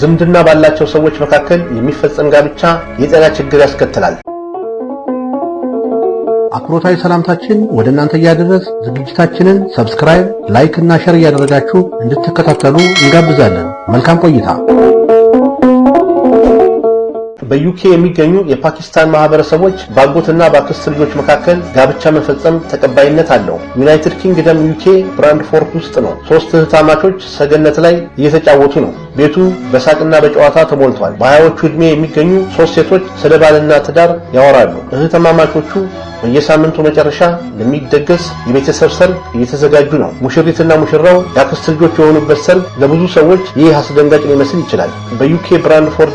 ዝምድና ባላቸው ሰዎች መካከል የሚፈጸም ጋብቻ የጤና ችግር ያስከትላል። አክብሮታዊ ሰላምታችን ወደ እናንተ እያደረስ ዝግጅታችንን ሰብስክራይብ፣ ላይክ እና ሸር እያደረጋችሁ እንድትከታተሉ እንጋብዛለን። መልካም ቆይታ። በዩኬ የሚገኙ የፓኪስታን ማህበረሰቦች በአጎትና በአክስት ልጆች መካከል ጋብቻ መፈጸም ተቀባይነት አለው። ዩናይትድ ኪንግደም ዩኬ ብራንድፎርድ ውስጥ ነው። ሶስት እህታማቾች ሰገነት ላይ እየተጫወቱ ነው። ቤቱ በሳቅና በጨዋታ ተሞልቷል። በሀያዎቹ ዕድሜ የሚገኙ ሶስት ሴቶች ስለ ባልና ትዳር ያወራሉ። እህትማማቾቹ በየሳምንቱ መጨረሻ ለሚደገስ የቤተሰብ ሰርግ እየተዘጋጁ ነው። ሙሽሪትና ሙሽራው የአክስት ልጆች የሆኑበት ሰርግ ለብዙ ሰዎች ይህ አስደንጋጭ ሊመስል ይችላል። በዩኬ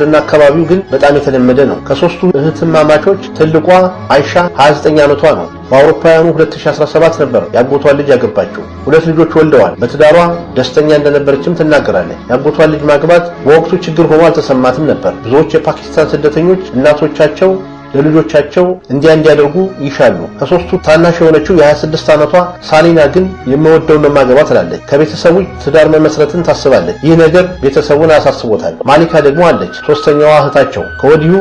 እና አካባቢው ግን በጣም የተለመደ ነው። ከሶስቱ እህትማማቾች ትልቋ አይሻ 29 ዓመቷ ነው። በአውሮፓውያኑ 2017 ነበር ያጎቷን ልጅ ያገባችው። ሁለት ልጆች ወልደዋል። በትዳሯ ደስተኛ እንደነበረችም ትናገራለች። ያጎቷን ልጅ ማግባት በወቅቱ ችግር ሆኖ አልተሰማትም ነበር። ብዙዎች የፓኪስታን ስደተኞች እናቶቻቸው ለልጆቻቸው እንዲያ እንዲያደርጉ ይሻሉ። ከሶስቱ ታናሽ የሆነችው የ26 ዓመቷ ሳሊና ግን የምወደውን ማገባ ትላለች። ከቤተሰቡ ትዳር መመስረትን ታስባለች። ይህ ነገር ቤተሰቡን አሳስቦታል። ማሊካ ደግሞ አለች፣ ሶስተኛዋ እህታቸው። ከወዲሁ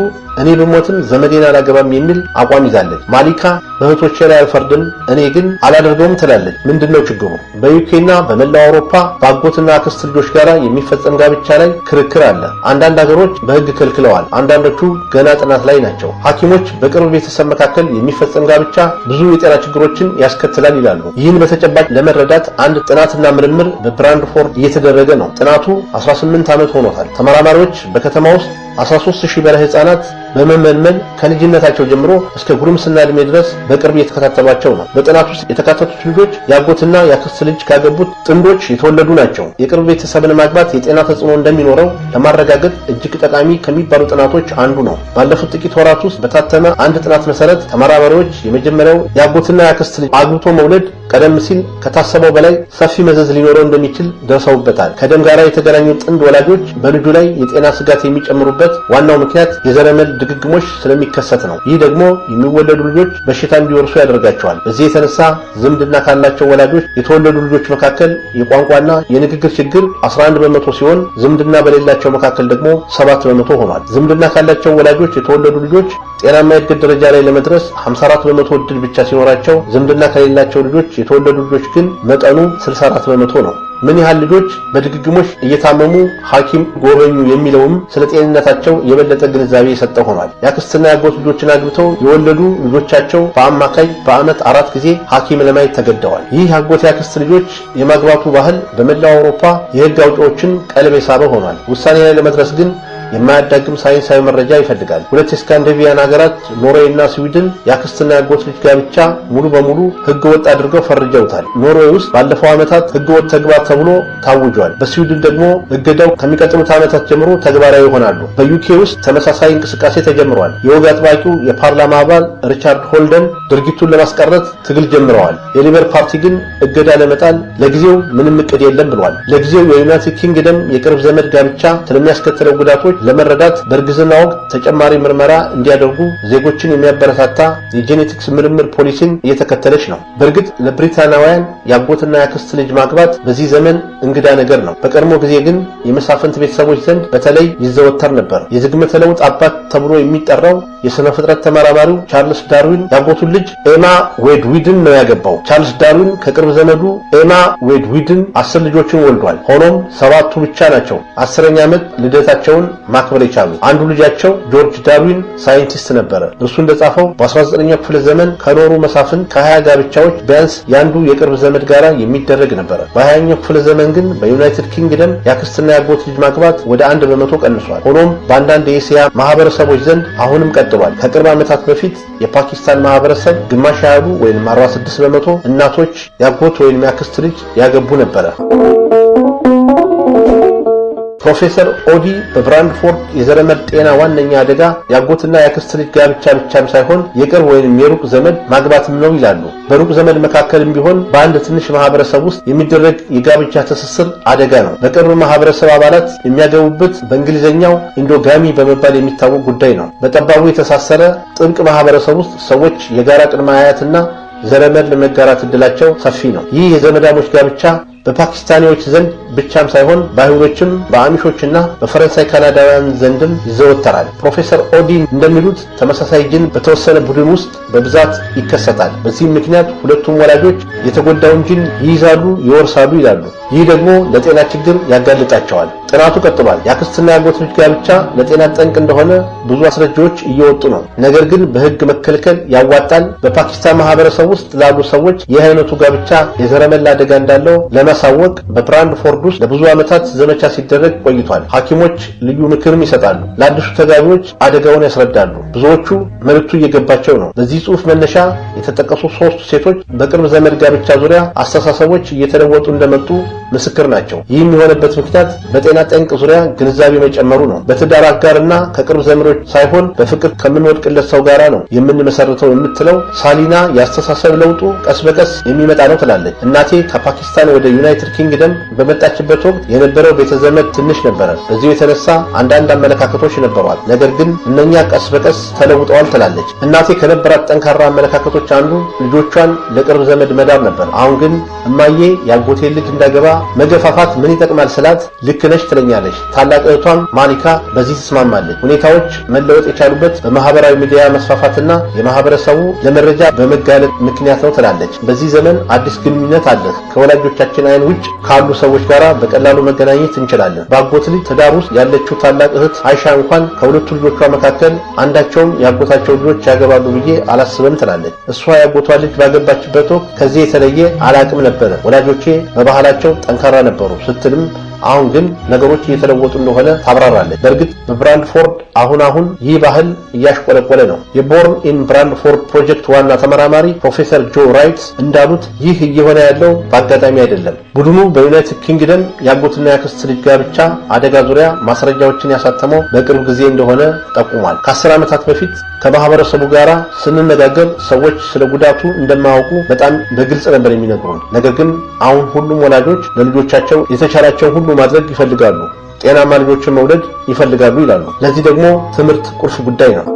እኔ ብሞትም ዘመዴን አላገባም የሚል አቋም ይዛለች። ማሊካ በእህቶቼ ላይ አልፈርድም እኔ ግን አላደርገውም ትላለች። ምንድን ነው ችግሩ? በዩኬና በመላው አውሮፓ በአጎትና አክስት ልጆች ጋር የሚፈጸም ጋብቻ ላይ ክርክር አለ። አንዳንድ ሀገሮች በህግ ከልክለዋል። አንዳንዶቹ ገና ጥናት ላይ ናቸው። ሐኪሞች በቅርብ ቤተሰብ መካከል የሚፈጸም ጋብቻ ብዙ የጤና ችግሮችን ያስከትላል ይላሉ። ይህን በተጨባጭ ለመረዳት አንድ ጥናትና ምርምር በብራንድፎርድ እየተደረገ ነው። ጥናቱ 18 ዓመት ሆኖታል። ተመራማሪዎች በከተማ ውስጥ 13 ሺህ በላይ ህጻናት በመመልመል ከልጅነታቸው ጀምሮ እስከ ጉርምስና ዕድሜ ድረስ በቅርብ እየተከታተሏቸው ነው። በጥናት ውስጥ የተካተቱት ልጆች የአጎትና የአክስት ልጅ ካገቡት ጥንዶች የተወለዱ ናቸው። የቅርብ ቤተሰብን ማግባት የጤና ተጽዕኖ እንደሚኖረው ለማረጋገጥ እጅግ ጠቃሚ ከሚባሉ ጥናቶች አንዱ ነው። ባለፉት ጥቂት ወራት ውስጥ በታተመ አንድ ጥናት መሰረት ተመራማሪዎች የመጀመሪያው የአጎትና የአክስት ልጅ አግብቶ መውለድ ቀደም ሲል ከታሰበው በላይ ሰፊ መዘዝ ሊኖረው እንደሚችል ደርሰውበታል። ከደም ጋር የተገናኙ ጥንድ ወላጆች በልጁ ላይ የጤና ስጋት የሚጨምሩበት ዋናው ምክንያት የዘረመል ድግግሞች ስለሚከሰት ነው። ይህ ደግሞ የሚወለዱ ልጆች በሽታ እንዲወርሱ ያደርጋቸዋል። በዚህ የተነሳ ዝምድና ካላቸው ወላጆች የተወለዱ ልጆች መካከል የቋንቋና የንግግር ችግር 11 በመቶ ሲሆን ዝምድና በሌላቸው መካከል ደግሞ 7 በመቶ ሆኗል። ዝምድና ካላቸው ወላጆች የተወለዱ ልጆች ጤናማ የእድገት ደረጃ ላይ ለመድረስ 54 በመቶ እድል ብቻ ሲኖራቸው፣ ዝምድና ከሌላቸው ልጆች የተወለዱ ልጆች ግን መጠኑ 64 በመቶ ነው። ምን ያህል ልጆች በድግግሞች እየታመሙ ሐኪም ጎበኙ የሚለውም ስለ ጤንነታቸው የበለጠ ግንዛቤ የሰጠ ሆኗል። የአክስትና ያጎት ልጆችን አግብተው የወለዱ ልጆቻቸው በአማካይ በዓመት አራት ጊዜ ሐኪም ለማየት ተገደዋል። ይህ ያጎት ያክስት ልጆች የማግባቱ ባህል በመላው አውሮፓ የህግ አውጪዎችን ቀልብ የሳበ ሆኗል። ውሳኔ ላይ ለመድረስ ግን የማያዳግም ሳይንሳዊ መረጃ ይፈልጋል። ሁለት የስካንዲኔቪያን ሀገራት ኖርዌይ እና ስዊድን የአክስትና ያጎት ልጅ ጋብቻ ሙሉ በሙሉ ህገ ወጥ አድርገው ፈርጀውታል። ኖርዌይ ውስጥ ባለፈው ዓመታት ህገ ወጥ ተግባር ተብሎ ታውጇል። በስዊድን ደግሞ እገዳው ከሚቀጥሉት ዓመታት ጀምሮ ተግባራዊ ይሆናሉ። በዩኬ ውስጥ ተመሳሳይ እንቅስቃሴ ተጀምሯል። የወግ አጥባቂው የፓርላማ አባል ሪቻርድ ሆልደን ድርጊቱን ለማስቀረት ትግል ጀምረዋል። የሊበር ፓርቲ ግን እገዳ ለመጣል ለጊዜው ምንም እቅድ የለም ብሏል። ለጊዜው የዩናይትድ ኪንግደም የቅርብ ዘመድ ጋብቻ ስለሚያስከትለው ጉዳቶች ለመረዳት በእርግዝና ወቅት ተጨማሪ ምርመራ እንዲያደርጉ ዜጎችን የሚያበረታታ የጄኔቲክስ ምርምር ፖሊሲን እየተከተለች ነው። በእርግጥ ለብሪታናውያን የአጎትና የአክስት ልጅ ማግባት በዚህ ዘመን እንግዳ ነገር ነው። በቀድሞ ጊዜ ግን የመሳፍንት ቤተሰቦች ዘንድ በተለይ ይዘወተር ነበር። የዝግመተ ለውጥ አባት ተብሎ የሚጠራው የሥነ ፍጥረት ተመራማሪው ቻርልስ ዳርዊን የአጎቱን ልጅ ኤማ ዌድዊድን ነው ያገባው። ቻርልስ ዳርዊን ከቅርብ ዘመዱ ኤማ ዌድዊድን አስር ልጆችን ወልዷል። ሆኖም ሰባቱ ብቻ ናቸው አስረኛ ዓመት ልደታቸውን ማክበር የቻሉ። አንዱ ልጃቸው ጆርጅ ዳርዊን ሳይንቲስት ነበረ። እርሱ እንደጻፈው በ19ኛው ክፍለ ዘመን ከኖሩ መሳፍንት ከሀያ ጋብቻዎች ቢያንስ የአንዱ የቅርብ ዘመድ ጋር የሚደረግ ነበረ። በ20ኛው ክፍለ ዘመን ግን በዩናይትድ ኪንግደም የአክስትና ያጎት ልጅ ማግባት ወደ አንድ በመቶ ቀንሷል። ሆኖም በአንዳንድ የእስያ ማህበረሰቦች ዘንድ አሁንም ቀጥሏል። ከቅርብ ዓመታት በፊት የፓኪስታን ማህበረሰብ ግማሽ ያሉ ወይም 46 በመቶ እናቶች ያጎት ወይም ያክስት ልጅ ያገቡ ነበረ። ፕሮፌሰር ኦዲ በብራንድፎርድ የዘረመል ጤና ዋነኛ አደጋ የአጎትና የአክስት ልጅ ጋብቻ ብቻም ሳይሆን የቅርብ ወይንም የሩቅ ዘመድ ማግባትም ነው ይላሉ። በሩቅ ዘመድ መካከልም ቢሆን በአንድ ትንሽ ማህበረሰብ ውስጥ የሚደረግ የጋብቻ ትስስር አደጋ ነው። በቅርብ ማህበረሰብ አባላት የሚያገቡበት በእንግሊዝኛው ኢንዶጋሚ በመባል የሚታወቅ ጉዳይ ነው። በጠባቡ የተሳሰረ ጥብቅ ማህበረሰብ ውስጥ ሰዎች የጋራ ቅድመ አያትና ዘረመድ ለመጋራት እድላቸው ሰፊ ነው። ይህ የዘመዳሞች ጋብቻ በፓኪስታኒዎች ዘንድ ብቻም ሳይሆን በአይሁዶችም በአሚሾችና በፈረንሳይ ካናዳውያን ዘንድም ይዘወተራል። ፕሮፌሰር ኦዲን እንደሚሉት ተመሳሳይ ግን በተወሰነ ቡድን ውስጥ በብዛት ይከሰታል። በዚህም ምክንያት ሁለቱም ወላጆች የተጎዳውን ጅን ይይዛሉ፣ ይወርሳሉ ይላሉ። ይህ ደግሞ ለጤና ችግር ያጋልጣቸዋል። ጥናቱ ቀጥሏል። የአክስትና የአጎት ልጅ ጋብቻ ለጤና ጠንቅ እንደሆነ ብዙ አስረጃዎች እየወጡ ነው። ነገር ግን በህግ መከልከል ያዋጣል። በፓኪስታን ማህበረሰብ ውስጥ ላሉ ሰዎች ይህ አይነቱ ጋብቻ የዘረመላ አደጋ እንዳለው ለማሳወቅ በብራንድ ፎርድ ውስጥ ለብዙ ዓመታት ዘመቻ ሲደረግ ቆይቷል። ሐኪሞች ልዩ ምክርም ይሰጣሉ፣ ለአዲሱ ተጋቢዎች አደጋውን ያስረዳሉ። ብዙዎቹ መልዕክቱ እየገባቸው ነው። በዚህ ጽሑፍ መነሻ የተጠቀሱ ሶስት ሴቶች በቅርብ ዘመድ ጋብቻ ዙሪያ አስተሳሰቦች እየተለወጡ እንደመጡ ምስክር ናቸው። ይህም የሆነበት ምክንያት በጤና ጠንቅ ዙሪያ ግንዛቤ መጨመሩ ነው። በትዳር አጋርና ከቅርብ ዘመዶች ሳይሆን በፍቅር ከምንወድቅለት ሰው ጋራ ነው የምንመሰርተው የምትለው ሳሊና የአስተሳሰብ ለውጡ ቀስ በቀስ የሚመጣ ነው ትላለች። እናቴ ከፓኪስታን ወደ ዩናይትድ ኪንግደም በመጣችበት ወቅት የነበረው ቤተዘመድ ትንሽ ነበረ። በዚሁ የተነሳ አንዳንድ አመለካከቶች ነበሯል። ነገር ግን እነኛ ቀስ በቀስ ተለውጠዋል ትላለች። እናቴ ከነበራት ጠንካራ አመለካከቶች አንዱ ልጆቿን ለቅርብ ዘመድ መዳር ነበር። አሁን ግን እማዬ የአጎቴ ልጅ እንዳገባ መገፋፋት ምን ይጠቅማል ስላት ልክ ነች ትለኛለች። ታላቅ እህቷም ማኒካ በዚህ ትስማማለች። ሁኔታዎች መለወጥ የቻሉበት በማህበራዊ ሚዲያ መስፋፋትና የማህበረሰቡ ለመረጃ በመጋለጥ ምክንያት ነው ትላለች። በዚህ ዘመን አዲስ ግንኙነት አለ። ከወላጆቻችን አይን ውጭ ካሉ ሰዎች ጋር በቀላሉ መገናኘት እንችላለን። በአጎት ልጅ ትዳር ውስጥ ያለችው ታላቅ እህት አይሻ እንኳን ከሁለቱ ልጆቿ መካከል አንዳቸውም የአጎታቸው ልጆች ያገባሉ ብዬ አላስብም ትላለች። እሷ ያጎቷ ልጅ ባገባችበት ወቅት ከዚህ የተለየ አላቅም ነበረ። ወላጆቼ በባህላቸው ጠንካራ ነበሩ ስትልም አሁን ግን ነገሮች እየተለወጡ እንደሆነ ታብራራለች። በእርግጥ በብራንድፎርድ አሁን አሁን ይህ ባህል እያሽቆለቆለ ነው። የቦርን ኢን ብራንፎርድ ፕሮጀክት ዋና ተመራማሪ ፕሮፌሰር ጆ ራይት እንዳሉት ይህ እየሆነ ያለው በአጋጣሚ አይደለም። ቡድኑ በዩናይትድ ኪንግደም የአጎትና የአክስት ልጅ ጋብቻ አደጋ ዙሪያ ማስረጃዎችን ያሳተመው በቅርብ ጊዜ እንደሆነ ጠቁሟል። ከአስር ዓመታት በፊት ከማህበረሰቡ ጋር ስንነጋገር ሰዎች ስለ ጉዳቱ እንደማያውቁ በጣም በግልጽ ነበር የሚነግሩን። ነገር ግን አሁን ሁሉም ወላጆች ለልጆቻቸው የተቻላቸውን ሁሉ ማድረግ ይፈልጋሉ። ጤናማ ልጆችን መውለድ ይፈልጋሉ ይላሉ። ለዚህ ደግሞ ትምህርት ቁልፍ ጉዳይ ነው።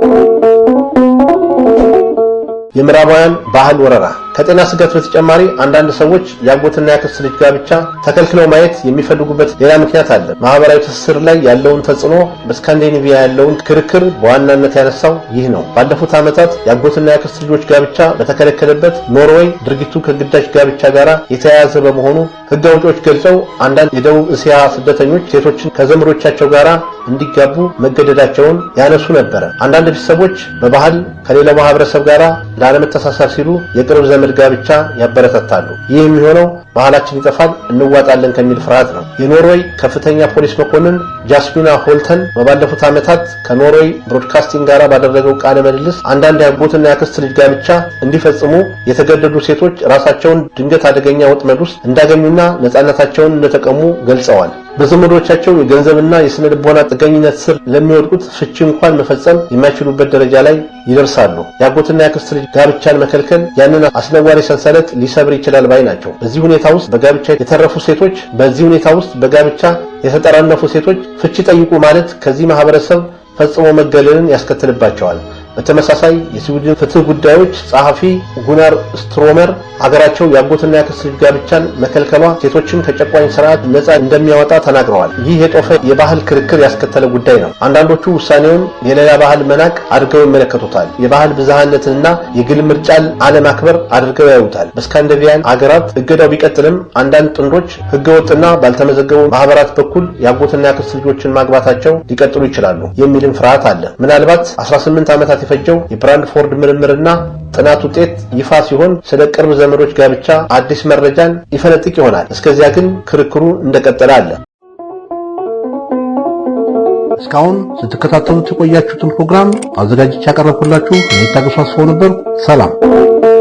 የምዕራባውያን ባህል ወረራ። ከጤና ስጋት በተጨማሪ አንዳንድ ሰዎች የአጎትና የአክስት ልጅ ጋብቻ ተከልክለው ማየት የሚፈልጉበት ሌላ ምክንያት አለ። ማህበራዊ ትስስር ላይ ያለውን ተጽዕኖ በስካንዲኔቪያ ያለውን ክርክር በዋናነት ያነሳው ይህ ነው። ባለፉት ዓመታት የአጎትና የአክስት ልጆች ጋብቻ በተከለከለበት ኖርዌይ ድርጊቱ ከግዳጅ ጋብቻ ጋር የተያያዘ በመሆኑ ሕግ አውጪዎች ገልጸው አንዳንድ የደቡብ እስያ ስደተኞች ሴቶችን ከዘመዶቻቸው ጋር እንዲጋቡ መገደዳቸውን ያነሱ ነበረ። አንዳንድ ቤተሰቦች በባህል ከሌላው ማህበረሰብ ጋር ላለመተሳሰብ ሲሉ የቅርብ ዘመድ ጋብቻ ያበረታታሉ። ይህ የሚሆነው ባህላችን ይጠፋል እንዋጣለን ከሚል ፍርሃት ነው። የኖርዌይ ከፍተኛ ፖሊስ መኮንን ጃስሚና ሆልተን በባለፉት ዓመታት ከኖርዌይ ብሮድካስቲንግ ጋር ባደረገው ቃለ ምልልስ አንዳንድ ያጎትና ያክስት ልጅ ጋብቻ እንዲፈጽሙ የተገደዱ ሴቶች ራሳቸውን ድንገት አደገኛ ወጥመድ ውስጥ እንዳገኙና ነፃነታቸውን እንደተቀሙ ገልጸዋል። በዘመዶቻቸው የገንዘብና የስነ ልቦና ጥገኝነት ስር ለሚወድቁት ፍቺ እንኳን መፈጸም የማይችሉበት ደረጃ ላይ ይደርሳሉ። የአጎትና የአክስት ልጅ ጋብቻን መከልከል ያንን አስነዋሪ ሰንሰለት ሊሰብር ይችላል ባይ ናቸው። በዚህ ሁኔታ ውስጥ በጋብቻ የተረፉ ሴቶች በዚህ ሁኔታ ውስጥ በጋብቻ የተጠራነፉ ሴቶች ፍቺ ጠይቁ ማለት ከዚህ ማህበረሰብ ፈጽሞ መገለልን ያስከትልባቸዋል። በተመሳሳይ የስዊድን ፍትህ ጉዳዮች ጸሐፊ ጉናር ስትሮመር አገራቸው የአጎትና ያክስት ልጅ ጋብቻን መከልከሏ ሴቶችን ከጨቋኝ ስርዓት ነፃ እንደሚያወጣ ተናግረዋል። ይህ የጦፈ የባህል ክርክር ያስከተለ ጉዳይ ነው። አንዳንዶቹ ውሳኔውን የሌላ ባህል መናቅ አድርገው ይመለከቱታል። የባህል ብዝሃነትንና የግል ምርጫን አለማክበር አድርገው ያዩታል። በስካንዲቪያን አገራት እገዳው ቢቀጥልም አንዳንድ ጥንዶች ህገወጥና ባልተመዘገቡ ማህበራት በኩል የአጎትና ያክስት ልጆችን ማግባታቸው ሊቀጥሉ ይችላሉ የሚልም ፍርሃት አለ። ምናልባት 18 ዓመታት የተፈጀው የብራንድፎርድ ምርምርና ጥናት ውጤት ይፋ ሲሆን ስለ ቅርብ ዘመዶች ጋብቻ አዲስ መረጃን ይፈነጥቅ ይሆናል። እስከዚያ ግን ክርክሩ እንደቀጠለ አለ። እስካሁን ስትከታተሉት የቆያችሁትን ፕሮግራም አዘጋጅቼ ያቀረብኩላችሁ እኔ ታገሱ ነበር። ሰላም።